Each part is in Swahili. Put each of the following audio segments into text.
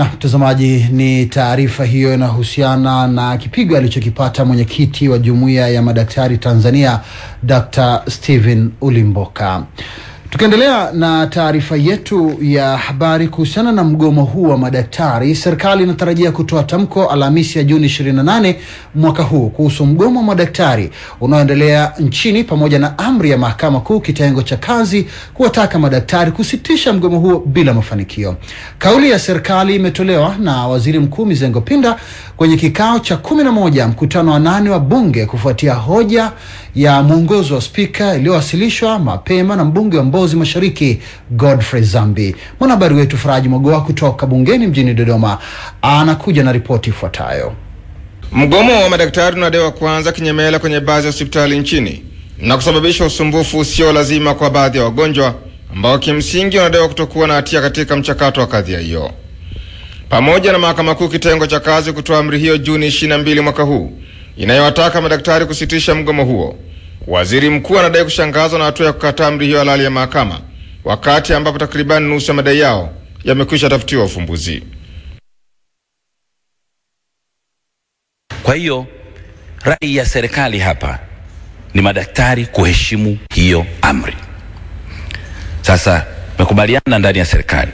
Na mtazamaji, ni taarifa hiyo inahusiana na kipigo alichokipata mwenyekiti wa jumuiya ya madaktari Tanzania Dr. Steven Ulimboka. Tukiendelea na taarifa yetu ya habari kuhusiana na mgomo huu wa madaktari, serikali inatarajia kutoa tamko Alhamisi ya Juni 28 mwaka huu kuhusu mgomo wa madaktari unaoendelea nchini pamoja na amri ya mahakama kuu kitengo cha kazi kuwataka madaktari kusitisha mgomo huo bila mafanikio. Kauli ya serikali imetolewa na Waziri Mkuu Mizengo Pinda kwenye kikao cha kumi na moja mkutano wa nane wa bunge kufuatia hoja ya mwongozo wa spika iliyowasilishwa mapema na mbunge wa Mbozi Mashariki Godfrey Zambi. Mwanahabari wetu Faraji Mogoa kutoka bungeni mjini Dodoma anakuja na ripoti ifuatayo. Mgomo wa madaktari unadaiwa kuanza kinyemela kwenye baadhi ya hospitali nchini na kusababisha usumbufu usio lazima kwa baadhi ya wagonjwa ambao kimsingi wanadaiwa kutokuwa na hatia katika mchakato wa kadhia hiyo pamoja na Mahakama Kuu kitengo cha kazi kutoa amri hiyo Juni 22 mwaka huu inayowataka madaktari kusitisha mgomo huo. Waziri mkuu anadai kushangazwa na hatua ya kukataa amri hiyo halali ya mahakama, wakati ambapo takribani nusu ya madai yao yamekwisha tafutiwa ufumbuzi. Kwa hiyo rai ya serikali hapa ni madaktari kuheshimu hiyo amri. Sasa mekubaliana ndani ya serikali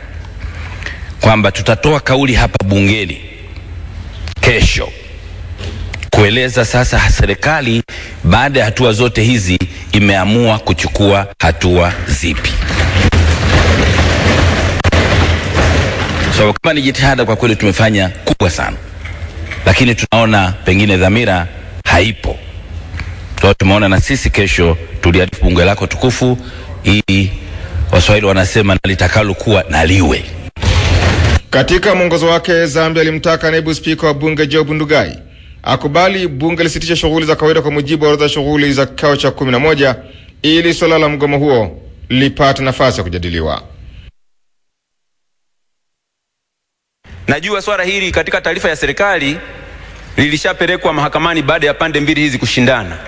kwamba tutatoa kauli hapa bungeni kesho kueleza sasa serikali baada ya hatua zote hizi imeamua kuchukua hatua zipi. So kama ni jitihada kwa kweli tumefanya kubwa sana, lakini tunaona pengine dhamira haipo. So, tumeona na sisi kesho tuliarifu bunge lako tukufu, ili Waswahili wanasema nalitakalo kuwa naliwe. Katika mwongozo wake, Zambia alimtaka naibu spika wa bunge Job Ndugai akubali bunge lisitishe shughuli za kawaida kwa mujibu wa orodha ya shughuli za kikao cha kumi na moja ili suala la mgomo huo lipate nafasi ya kujadiliwa. Najua swala hili katika taarifa ya serikali lilishapelekwa mahakamani baada ya pande mbili hizi kushindana.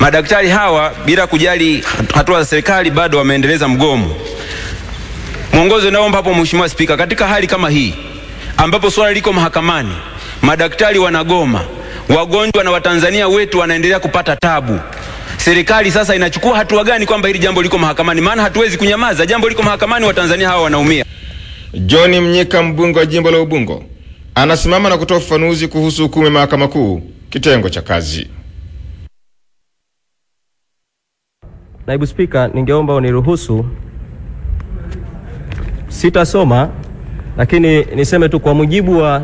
Madaktari hawa bila kujali hatua za serikali bado wameendeleza mgomo. Mwongozo naomba hapo, Mheshimiwa Spika, katika hali kama hii ambapo swala liko mahakamani, madaktari wanagoma, wagonjwa na Watanzania wetu wanaendelea kupata tabu, serikali sasa inachukua hatua gani kwamba hili jambo liko mahakamani? Maana hatuwezi kunyamaza, jambo liko mahakamani, Watanzania hawa wanaumia. John Mnyika, mbunge wa jimbo la Ubungo, anasimama na kutoa ufafanuzi kuhusu hukumu ya Mahakama Kuu kitengo cha kazi. Naibu Spika, ningeomba uniruhusu Sitasoma, lakini niseme tu kwa mujibu wa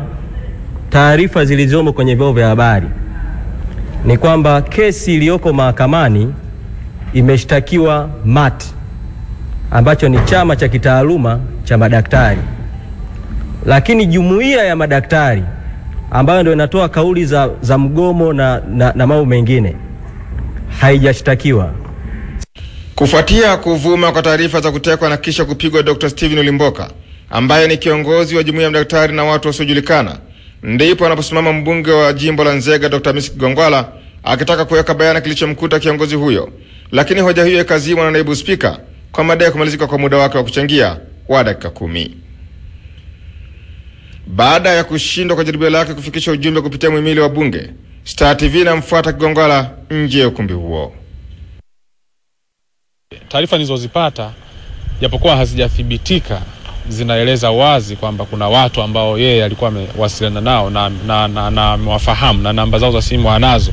taarifa zilizomo kwenye vyombo vya habari ni kwamba kesi iliyoko mahakamani imeshtakiwa MAT ambacho ni chama cha kitaaluma cha madaktari, lakini jumuiya ya madaktari ambayo ndio inatoa kauli za, za mgomo na, na, na mambo mengine haijashtakiwa. Kufuatia kuvuma kwa taarifa za kutekwa na kisha kupigwa Dr. Steven Ulimboka ambaye ni kiongozi wa jumuiya ya madaktari na watu wasiojulikana, ndipo anaposimama mbunge wa jimbo la Nzega Dr. Misi Gongwala akitaka kuweka bayana kilichomkuta kiongozi huyo, lakini hoja hiyo ikazimwa na naibu spika kwa madai ya kumalizika kwa muda wake wa kuchangia wa dakika kumi. Baada ya kushindwa kwa jaribio lake kufikisha ujumbe kupitia muhimili wa bunge, Star TV inamfuata Kigongwala nje ya ukumbi huo taarifa nilizozipata japokuwa hazijathibitika zinaeleza wazi kwamba kuna watu ambao yeye alikuwa amewasiliana nao na amewafahamu na, na, na, na namba zao za simu anazo,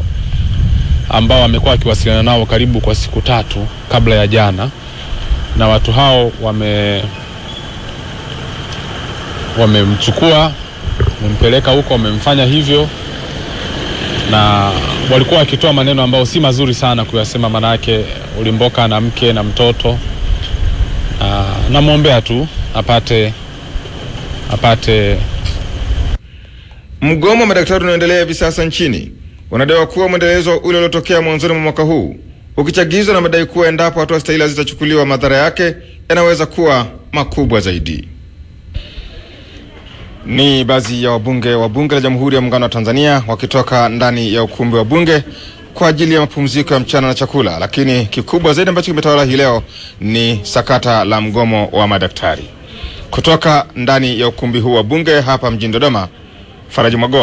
ambao amekuwa akiwasiliana nao karibu kwa siku tatu kabla ya jana, na watu hao wame wamemchukua wamempeleka huko, wamemfanya hivyo, na walikuwa wakitoa maneno ambayo si mazuri sana kuyasema, maana yake Ulimboka na mke na mtoto, na namwombea tu apate apate. Mgomo wa madaktari unaendelea hivi sasa nchini unadaiwa kuwa mwendelezo wa ule uliotokea mwanzoni mwa mwaka huu ukichagizwa na madai kuwa endapo hatua stahili hazitachukuliwa madhara yake yanaweza kuwa makubwa zaidi. Ni baadhi ya wabunge wa bunge la Jamhuri ya Muungano wa Tanzania wakitoka ndani ya ukumbi wa bunge kwa ajili ya mapumziko ya mchana na chakula, lakini kikubwa zaidi ambacho kimetawala hii leo ni sakata la mgomo wa madaktari. Kutoka ndani ya ukumbi huu wa bunge hapa mjini Dodoma, Faraji Mwagoa.